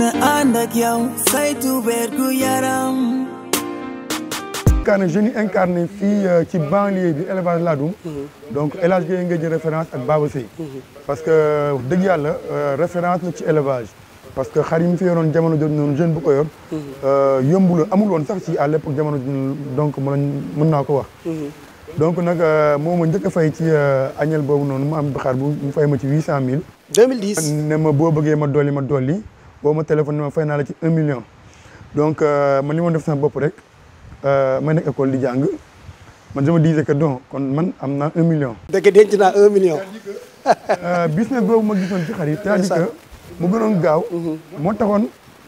na ànd ak yow saytu wergu yaram. incarné jeunes yi incarné fii euh, ci banlieue bi élevage Ladoum. Mm-hmm. donc El Hadj Gueye nga jël référence ak Baba Seye. Mm-hmm. parce que dëgg yàlla euh, référence la ci élevage. parce que xar yi mu fi yoroon jamono jooju noonu jeune bu ko yor. Mm-hmm. Euh, yomb la amul woon sax ci à l'époque jamono donc mën naa ko wax. donc nag moom ma njëkk fay ci añel boobu noonu mu am xar bu mu fay ma ci huit cent mille. ne ma boo bëggee ma dolli ma dolli. boo ma téléphone ma fay naa la ci un million donc euh, ma li ma def sama bopp rek euh, ma nekk école di jàng man je me disais que donc kon man am naa un million. dëgg denc naa un million. Euh, business boobu ma gisoon ci xarit. c'est-à-dire que mu gënoon gaaw. Mhm. moo taxoon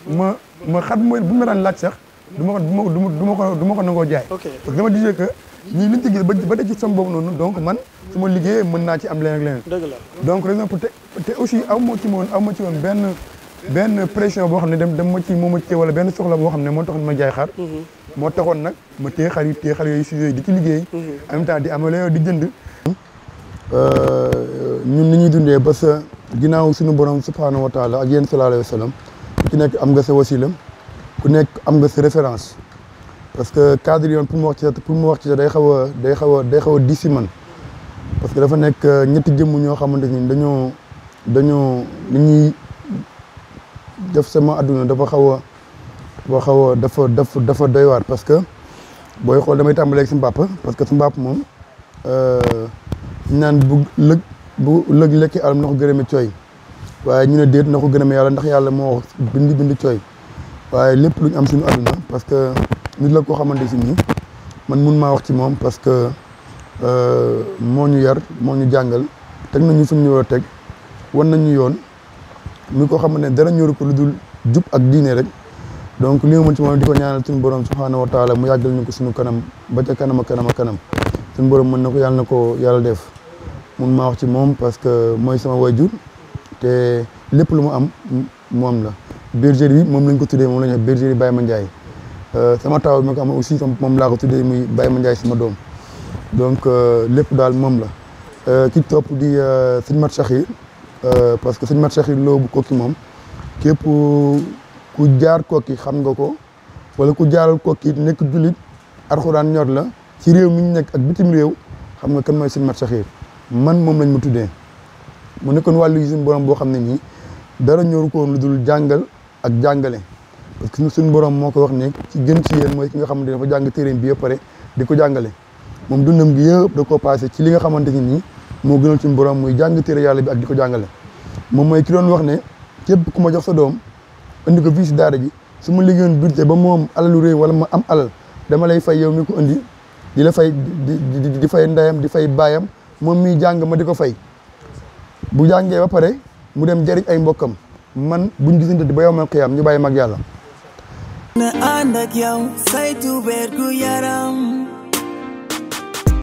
ma ma xat mooy bu ma daan laaj sax du ma ko du ma ko du ma ko nangoo jaay. ok parce que dama disais que ñii liñ ba ba ci somme noonu donc man su ma liggéeyee mën naa ci am leneen ak leneen. dëgg la donc raison pour te te aussi aw ma ci woon aw ma ci woon benn. benn pression boo xam ne dem ma ci moom a cee wala benn soxla boo xam ne moo taxoon ma jaay xar. Mhm. moo taxoon nag ma téye xar yi téye xar yooyu si yooyu di ci liggéey. Mhm. en même temps di amale di jënd. Euh, ni ñuy dundee ba sa ginnaaw suñu borom subhaanahu wa taala ak yéen sallallahu alayhi wa sallam ku ci nekk am nga sa wasilam ku nekk am nga sa référence. parce que cadre yoon pour mu wax ci sa pour mu wax ci day xaw a day xaw a day xaw a di si man parce que dafa nekk euh, ñetti jëmm ñoo xamante ni dañoo dañoo dañuy. def sama àdduna dafa xaw a boo xaw a dafa dafa dafa doy parce que booy xool damay tàmbaleeg sama papa parce que sama papa moom euh, ñaan bu lëg bu lëg lekki alam na ko gërëme cooy waaye ñu ne déet na ko gërëme yàlla ndax yàlla moo wax bind bind cooy waaye lépp lu ñu am suñu adduna parce que nit la koo xamante si nii man mun maa wax ci moom parce que euh, moo ñu yar moo ñu jàngal teg nañu fu ñu war a teg wan nañu yoon mi ko xam ne dara ñoru ko lu dul jub ak diine rek donc li ma ci moom di ko ñaanal suñu borom subhaanahu wa taala mu yàggal ñu ko suñu kanam ba ca kanam kanam a kanam mën na ko yàlla na ko yàlla def mun maa ci moom parce que mooy sama wayjur te lépp lu mu am moom la bergerie bi moom lañ ko tuddee moom la ñu wax bergerie Baye Mandiaye euh, sama taw ma ko am aussi moom laa ko tuddee muy Baye Mandiaye sama doom donc euh, lépp daal moom la euh, ki topp di sëñ Mat Chahir Euh, parce que suñ Mat Cheikh Lo bu kokki moom képp ku jaar kokki xam nga ko walla ku jaaral kokki nekk jullit arxuraan ñor la ci réew mi ñu nekk ak bitim réew xam nga kan mooy sëñ Mat Cheikh man moom lañ ma tuddee mu nekkoon wàllu suñu borom boo xam ne nii dara ñoru ko woon lu dul jàngal ak jàngale parce que suñu borom moo ko wax ne ci gën ci yéen mooy ki nga xamante ne dafa jàng téeréem bi yëpp pare di ko jàngale moom dundam gi yëpp da koo passé ci li nga xamante ni nii moo gënal suñu muy jàng téere yàlla bi ak di ko jàngale moom mooy ki doon wax ne képp ku ma jox sa doom indi ko fii si daara ji su ma liggéeyoon budget ba moom alalu réew wala ma am alal dama lay fay yow mi ko indi di la fay di di fay ndeyam di fay baayam moom miy jàng ma di ko fay bu jàngee ba pare mu dem jëriñ ay mbokkam man buñ gisante ba yow ma xiyaam ñu bàyyi mag yàlla